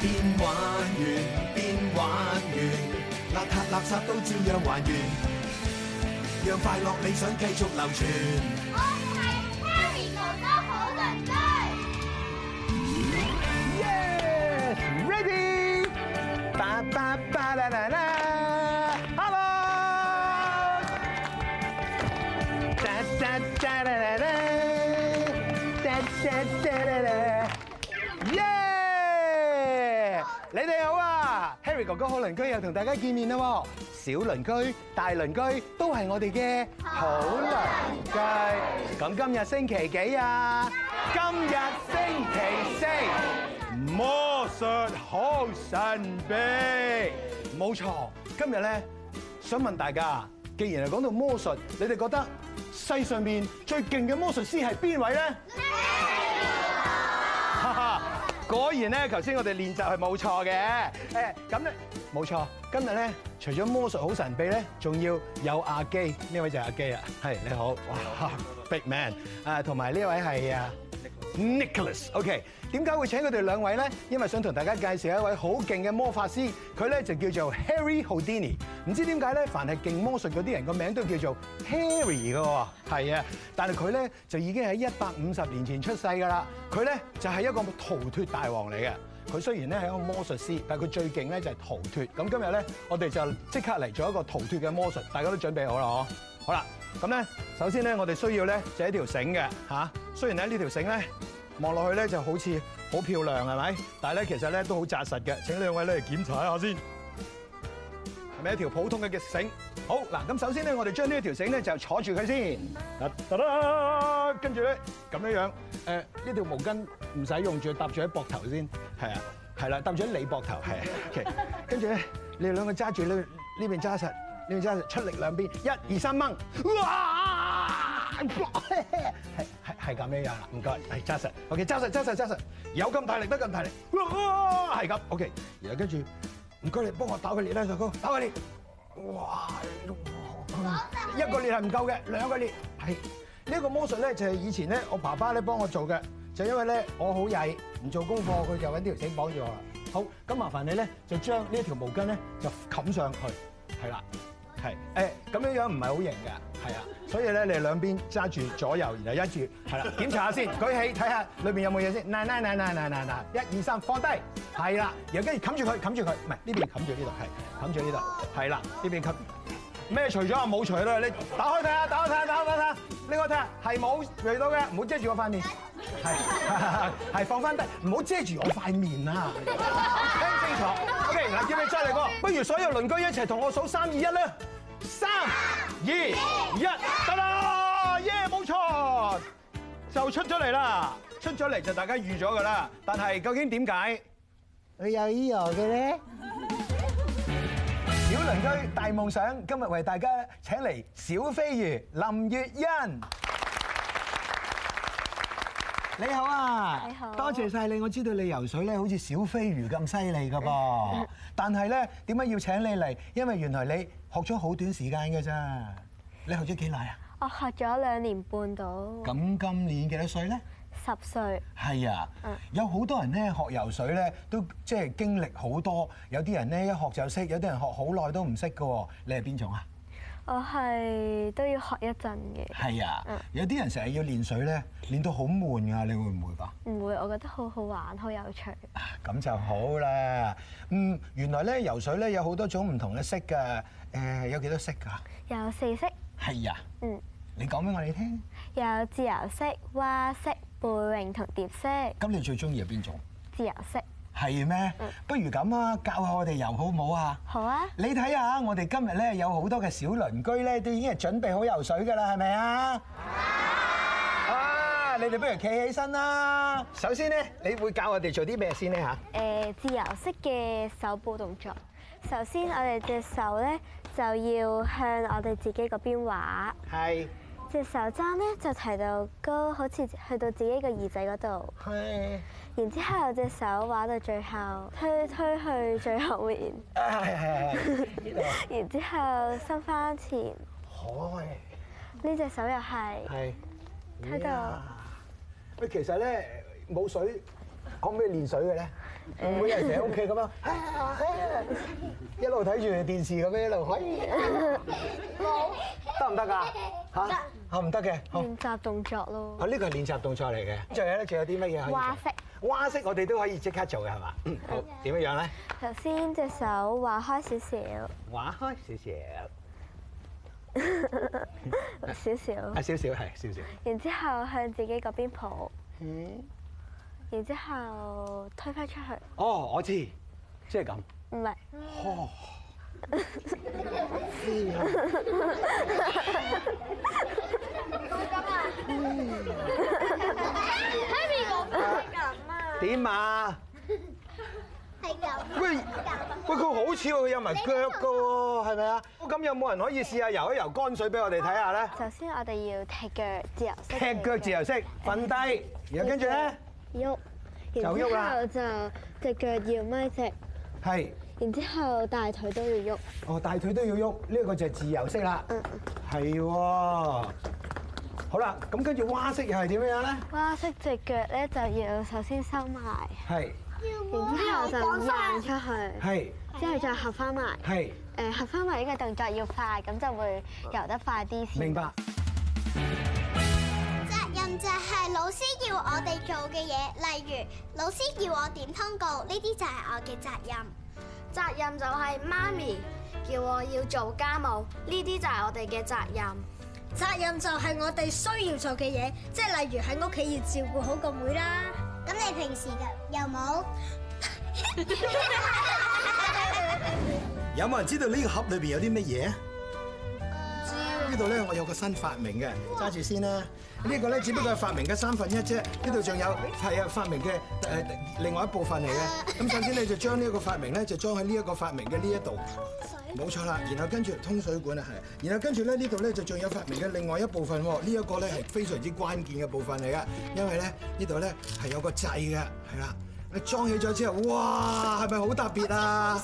變玩完變玩完，邋遢垃圾都照樣還原，讓快樂理想繼續流傳。我係 Harry 哥哥好鄰居。Yes, yeah, ready. 啦。你哋好啊，Harry 哥哥好鄰居，又同大家見面啦。小鄰居、大鄰居都係我哋嘅好鄰居。咁今日星期幾啊？今日星期四，魔術好神秘。冇錯，今日咧想問大家，既然係講到魔術，你哋覺得世上面最勁嘅魔術師係邊位咧？哈哈。果然咧，頭先我哋練習係冇錯嘅。誒、欸，咁咧冇錯，今日咧除咗魔術好神秘咧，仲要有阿基。呢位就係阿基啦。係，你好，哇多多，Big Man 啊，同埋呢位係啊。Nicholas，OK，okay，點解會請佢哋兩位咧？因為想同大家介紹一位好勁嘅魔法師，佢咧就叫做 Harry Houdini。唔知點解咧，凡係勁魔術嗰啲人個名都叫做 Harry 㗎喎，係啊！但係佢咧就已經喺一百五十年前出世㗎啦。佢咧就係、是、一個逃脫大王嚟嘅。佢雖然咧係一個魔術師，但係佢最勁咧就係逃脫。咁今日咧，我哋就即刻嚟做一個逃脫嘅魔術，大家都準備好啦，嗬？好啦。咁咧，首先咧，我哋需要咧，就係一條繩嘅吓，雖然咧呢條繩咧，望落去咧就好似好漂亮係咪？但係咧其實咧都好紮實嘅。請兩位咧嚟檢查一下先。係咪一條普通嘅嘅繩？好嗱，咁首先咧，我哋將呢一條繩咧就坐住佢先。嗱，跟住咧咁樣樣，誒呢條毛巾唔使用住，搭住喺膊頭先。係啊，係啦，搭住喺你膊頭。係，OK。跟住咧，你哋兩個揸住呢呢邊揸實。你知唔知出力兩邊，一、嗯、二三掹，哇！係係係咁樣樣啦，唔該，揸實，OK，揸實，揸實，揸實，有咁大力得咁大力，係咁，OK，然後跟住唔該你幫我打個裂啦，上高，打個裂，哇！一個裂係唔夠嘅，兩個裂，係呢、這個魔術咧就係以前咧我爸爸咧幫我做嘅，就是、因為咧我好曳唔做功課，佢就揾呢條繩綁住我啦。好，咁麻煩你咧就將呢一條毛巾咧就冚上去，係啦。係誒咁樣樣唔係好型㗎，係啊，所以咧你兩邊揸住左右，然後一住係啦，檢查下先，舉起睇下裏邊有冇嘢先，拉拉拉拉拉拉拉，一二三，放低，係啦，然後跟住冚住佢，冚住佢，唔係呢邊冚住呢度係，冚住呢度，係啦，呢邊吸，咩除咗啊冇除啦，你打開睇下，打開睇下，打開睇下，呢個睇下係冇嚟到嘅，唔好遮住我塊面，係係放翻低，唔好遮住我塊面啊，聽清楚，OK，嗱叫你犀利哥，不如所有鄰居一齊同我數三二一啦。二一得啦，耶！冇錯，就出咗嚟啦，出咗嚟就大家預咗噶啦。但係究竟點解你有 Eo 嘅咧？小鄰居大夢想，今日為大家請嚟小飛魚林悅欣。你好啊，你好，多謝晒你。我知道你游水咧，好似小飛魚咁犀利噶噃。但係咧，點解要請你嚟？因為原來你。學咗好短時間㗎咋？你學咗幾耐啊？我學咗兩年半到。咁今年幾多歲咧？十歲。係啊，嗯、有好多人咧學游水咧都即係經歷好多。有啲人咧一學就識，有啲人學好耐都唔識㗎。你係邊種啊？我係都要學一陣嘅。係啊，嗯、有啲人成日要練水咧，練到好悶㗎。你會唔會㗎？唔會，我覺得好好玩，好有趣、啊。咁就好啦。嗯，原來咧游水咧有好多種唔同嘅式㗎。誒、呃，有幾多式㗎？有四式。係啊。嗯。你講俾我哋聽。有自由式、蛙式、背泳同蝶式。咁你最中意係邊種？自由式。係咩？不如咁啊，教下我哋游好唔好啊？好啊！你睇下，我哋今日咧有好多嘅小鄰居咧，都已經係準備好游水噶啦，係咪啊？Yeah! 啊！你哋不如企起身啦。首先咧，你會教我哋做啲咩先咧嚇？誒，自由式嘅手部動作。首先，我哋隻手咧就要向我哋自己嗰邊畫。係。隻手踭咧就提到高，好似去到自己個耳仔嗰度。係。然之後隻手玩到最後，推推去最後面。係。係，然之後收翻前。係。呢隻手又係。係。睇到！喂，其實咧冇水可唔可以練水嘅咧？唔會有人成日喺屋企咁樣，啊啊啊、一路睇住電視咁樣一路可以。得唔得㗎？得！啊！啊行不行啊啊？我唔得嘅，練習動作咯。啊，呢個係練習動作嚟嘅。仲有咧，仲有啲乜嘢可以？蛙式。蛙式我哋都可以即刻做嘅係嘛？嗯，好。點樣咧？頭先隻手畫開少少。畫開少少。 少少。啊，少少係少少。然之後向自己嗰邊抱。嗯。然之後推返出去。哦，我知，即係咁。唔係。起碼係喂喂，佢好似喎，佢有埋腳噶喎，係咪啊？咁有冇人可以試下游一游乾水俾我哋睇下咧？首、嗯、先我哋要踢腳自由式，踢腳自由式，瞓低，然後跟住咧喐，就喐啦。然後就隻腳要咪直，係，然之後大腿都要喐。哦，大腿都要喐，呢個就係自由式啦。嗯，係喎。好啦，咁跟住蛙式又係點樣咧？蛙式隻腳咧就要首先收埋，係，然之後就放出去，係，之後再合翻埋，係，誒、嗯、合翻埋呢個動作要快，咁就會游得快啲先。明白。責任就係老師要我哋做嘅嘢，例如老師要我點通告，呢啲就係我嘅責任。責任就係媽咪叫我要做家務，呢啲就係我哋嘅責任。責任就係我哋需要做嘅嘢，即係例如喺屋企要照顧好個妹啦。咁你平時的又又冇？ 有冇人知道呢個盒裏邊有啲乜嘢啊？呢度咧，我有個新發明嘅，揸住先啦。呢、啊呢個咧，只不過係發明嘅三分一啫。呢度仲有係啊，發明嘅誒、呃、另外一部分嚟嘅。咁、啊、首先咧，就將呢一個發明咧， 就裝喺呢一個發明嘅呢一度。冇錯啦，然後跟住通水管啊，係。然後跟住咧，呢度咧就仲有發明嘅另外一部分喎。呢、呢、一個咧係非常之關鍵嘅部分嚟嘅，因為咧呢度咧係有個掣嘅，係啦。裝起咗之後，哇，係咪好特別啊？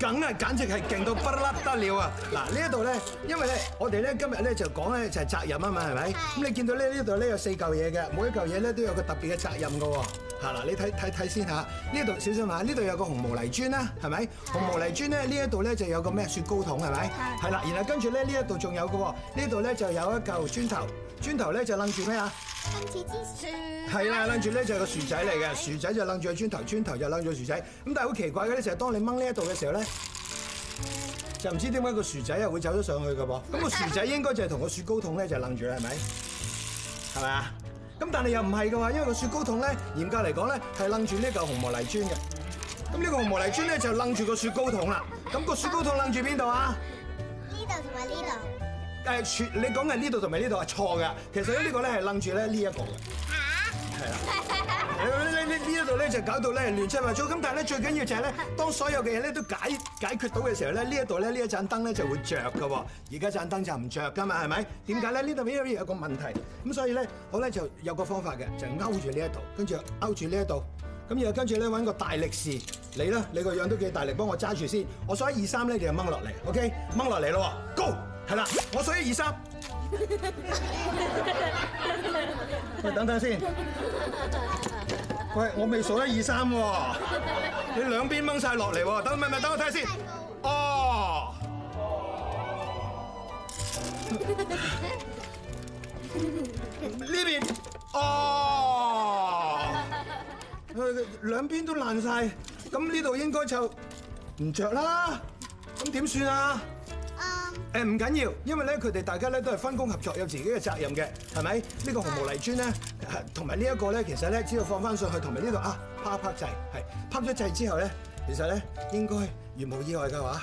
梗係簡直係勁到不甩得了啊！嗱，呢一度咧，因為咧，我哋咧今日咧就講咧就係責任啊嘛，係咪？咁你見到咧呢度咧有四嚿嘢嘅，每一嚿嘢咧都有個特別嘅責任㗎喎。吓嗱，你睇睇睇先吓，呢度小心下，呢度有個紅毛泥磚啦，係咪？係紅毛泥磚咧，呢一度咧就有個咩雪糕筒，係咪？係啦，然後跟住咧呢一度仲有個喎，呢度咧就有一嚿磚頭，磚頭咧就楞住咩啊？似芝士，係啦，楞住呢就係個薯仔嚟嘅，薯仔就楞住個磚頭，磚頭就楞住個薯仔。咁但係好奇怪嘅咧，就係當你掹呢一度嘅時候咧，就唔知點解個薯仔又會走咗上去噶噃。咁個薯仔應該就係同個雪糕筒咧就楞住啦，係咪？係咪？咁但係又唔係嘅話，因為個雪糕筒咧嚴格嚟講咧係楞住呢嚿紅毛泥磚嘅。咁呢個紅毛泥磚咧就楞住個雪糕筒啦。咁個雪糕筒楞住邊度啊？呢度同埋呢度。誒、啊，全你講嘅呢度同埋呢度係錯嘅，其實呢個咧係掹住咧呢一個嘅。嚇、啊！係呢呢呢一度咧就搞到咧亂七八糟咁，但係咧最緊要就係咧，當所有嘅嘢咧都解解決到嘅時候咧，呢一度咧呢一盞燈咧就會著㗎。而家盞燈就唔着㗎嘛，係咪？點解咧？呢度咧有個問題咁，所以咧我咧就有個方法嘅，就勾住呢一度，跟住勾住呢一度，咁然後跟住咧搵個大力士你啦，你個樣都幾大力，幫我揸住先。我數一二三咧就掹落嚟，OK？掹落嚟咯，Go！係啦，我數一二三。喂，等等先。喂，我未數一二三喎。你兩邊掹晒落嚟喎，等咪咪等我睇下先。哦。呢邊，哦。佢兩邊都爛晒，咁呢度應該就唔着啦。咁點算啊？誒，唔緊要，因為咧，佢哋大家咧都係分工合作，有自己嘅責任嘅，係咪？呢、呢個紅毛泥磚咧，同埋呢一個咧，其實咧，只要放翻上去，同埋呢度啊，啪啪掣、掣，係拍咗掣之後咧，其實咧，應該如無意外嘅話，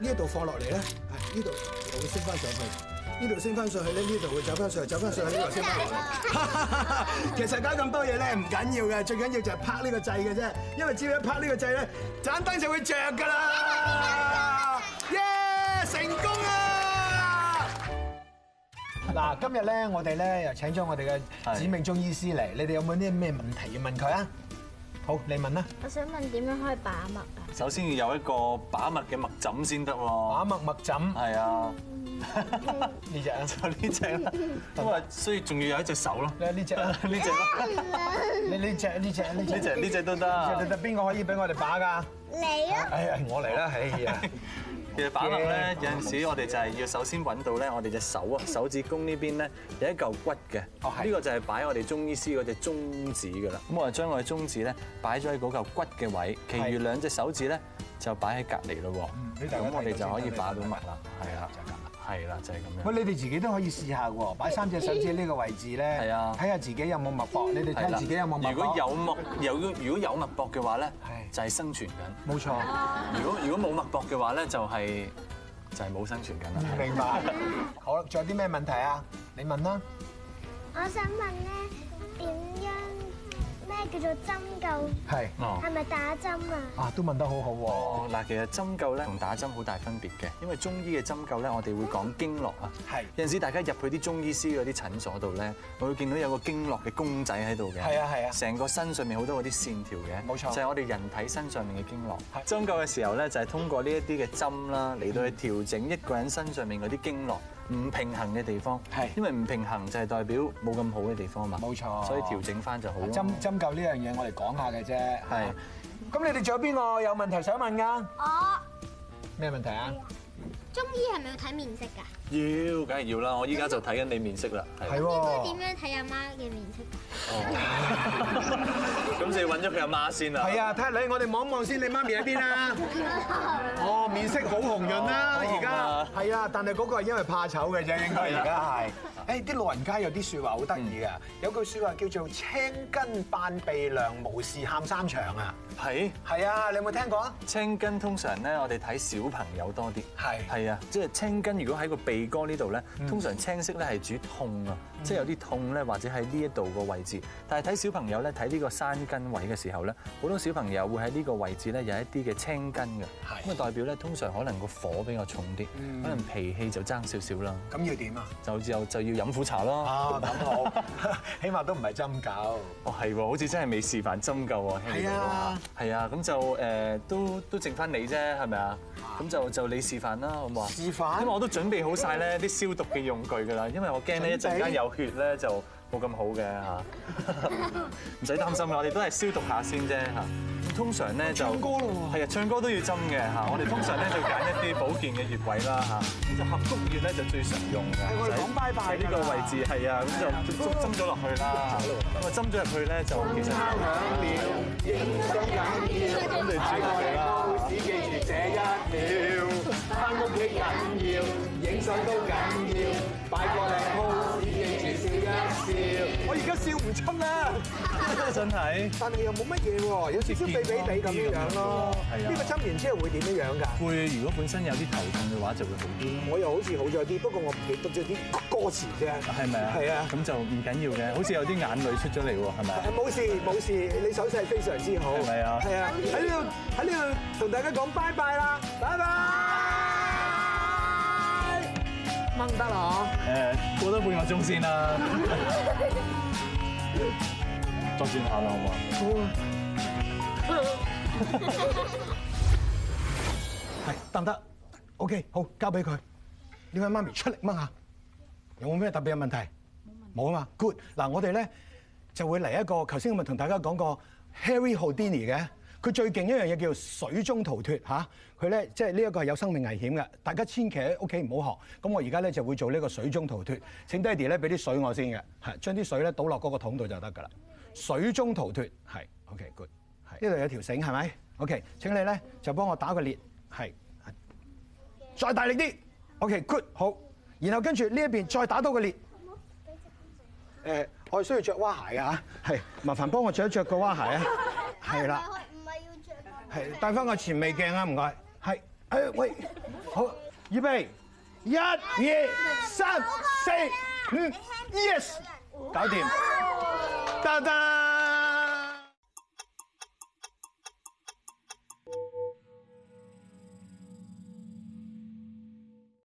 呢一度放落嚟咧，呢度會升翻上去，呢度升翻上去咧，呢度會走翻上、去，走翻上去呢度升翻落嚟。啊、 其實搞咁多嘢咧唔緊要嘅，最緊要就係拍呢個掣嘅啫，因為只要一拍呢個掣咧，盞燈就會着噶啦。嗱，今日咧，我哋咧又請咗我哋嘅梓銘中醫師嚟，你哋有冇啲咩問題要問佢啊？好，你問啦。我想問點樣可以把脈啊？首先要有一個把脈嘅脈枕先得喎。把脈脈枕。係啊。呢隻。就呢隻啦。因為所以仲要有一隻手咯。嚟呢隻。呢隻。呢隻。呢隻呢隻都得。邊個可以俾我哋把㗎？你啊。係係，我嚟啦。哎呀。其實把脈咧，有陣時我哋就係要首先揾到咧，我哋隻手啊，手指公呢邊咧有一嚿骨嘅。呢、哦、個就係擺我哋中醫師嗰隻中指噶啦。咁我就將我嘅中指咧擺咗喺嗰嚿骨嘅位置，其餘兩隻手指咧就擺喺隔離咯。咁、嗯、我哋就可以把到脈啦。係啦，就係咁樣。餵！你哋自己都可以試下喎，擺三隻手指喺呢個位置咧，睇下自己有冇脈搏。你哋睇下自己有冇脈搏。如果有脈，有如果有脈搏嘅話咧，就係生存緊。冇錯。如果如果冇脈搏嘅話咧，就係就係冇生存緊啦。明白。好啦，仲有啲咩問題啊？你問啦。我想問咧，點樣叫做針灸，係，係咪打針啊？啊，都問得好好。嗱，其實針灸咧同打針好大分別嘅，因為中醫嘅針灸咧，我哋會講經絡啊。係有陣時，大家入去啲中醫師嗰啲診所度咧，我會見到有個經絡嘅公仔喺度嘅，係啊係啊，成個身上面好多嗰啲線條嘅，冇錯，就係我哋人體身上面嘅經絡。針灸嘅時候咧，就係通過呢一啲嘅針啦，嚟到去調整一個人身上面嗰啲經絡。唔平衡嘅地方，係因為唔平衡就係代表冇咁好嘅地方嘛，冇錯，所以調整返就好了針。針針灸呢樣嘢我嚟講下嘅啫，係。咁你哋仲有邊個有問題想問㗎？我咩問題啊？中醫係咪要睇面色㗎？要，梗係要啦！我依家就睇緊你面色啦。係喎、哦。點樣睇阿媽嘅面色哦。咁你揾咗佢阿媽先啦。係啊，睇下你。我哋望望先，你媽咪喺邊啊？哦，面色好紅潤啦，而家係啊，但係嗰個係因為怕醜嘅啫，應該而家係。誒，啲老人家有啲説話好得意㗎！有句説話叫做青筋伴鼻梁，無事喊三場啊。係。係啊，你有冇聽過啊？青筋通常咧，我哋睇小朋友多啲。係。係。即、yeah, 係青筋，如果喺個鼻哥呢度咧，嗯、通常青色咧係主痛啊。即係有啲痛咧，或者喺呢一度個位置，但係睇小朋友咧睇呢個山根位嘅時候咧，好多小朋友會喺呢個位置咧有一啲嘅青筋嘅，咁啊代表咧通常可能個火比較重啲，可能脾氣就爭少少啦。咁要點啊？就就就要飲苦茶咯。啊，好，起碼都唔係針灸。 哦，係喎，好似真係未示範針灸喎，係啊， 係啊，咁就誒都都剩翻你啫，係咪啊？咁就就你示範啦，好唔好示範？因為我都準備好晒咧啲消毒嘅用具㗎啦，因為我驚呢一陣間有。血咧就冇咁好嘅嚇，唔使擔心嘅，我哋都係消毒下先啫嚇。通常咧就唱歌咯喎，係啊，唱歌都要針嘅嚇。我哋通常咧就揀一啲保健嘅穴位啦嚇，其實合谷穴咧就最常用嘅。係我哋講 bye bye 呢個位置，係啊，咁就足針咗落去啦。咁啊，針咗入去咧就。而家笑唔出啦，真係。但係又冇乜嘢喎，有少少痹痹哋咁樣樣咯。係啊，呢個針完之後會點樣樣㗎？會如果本身有啲頭痛嘅話，就會好啲咯。我又好似好咗啲，不過我唔記得咗啲歌詞啫。係咪啊？係啊。咁就唔緊要嘅，好似有啲眼淚出咗嚟喎，係咪？冇事冇事，你手勢非常之好。係啊。係啊，喺呢度喺呢度同大家講拜拜啦，拜拜。掹得咯，誒過多半個鐘，先啦，再轉下啦，好唔好？好啊，係得唔得？OK，好，交俾佢。呢位媽咪出力掹下，有冇咩特別嘅問題？冇啊嘛，Good。嗱，我哋咧就會嚟一個，頭先我咪同大家講過 Harry Houdini 嘅。佢最勁一樣嘢叫水中逃脫嚇，佢、啊、咧即係呢一個係有生命危險嘅，大家千祈喺屋企唔好學。咁我而家咧就會做呢個水中逃脫，請爹哋咧俾啲水我先嘅，係將啲水咧倒落嗰個桶度就得㗎啦。水中逃脫係，OK good，係呢度有條繩係咪？OK，請你咧就幫我打個裂，係再大力啲，OK good，好。然後跟住呢一邊再打多個裂。誒、呃，我需要着蛙鞋嘅嚇，係，麻煩幫我着一着個蛙鞋啊，係啦。 係戴翻個前微鏡啊，唔該係。誒喂，好，預備一、二、三、四、五，Yes，搞掂，得得。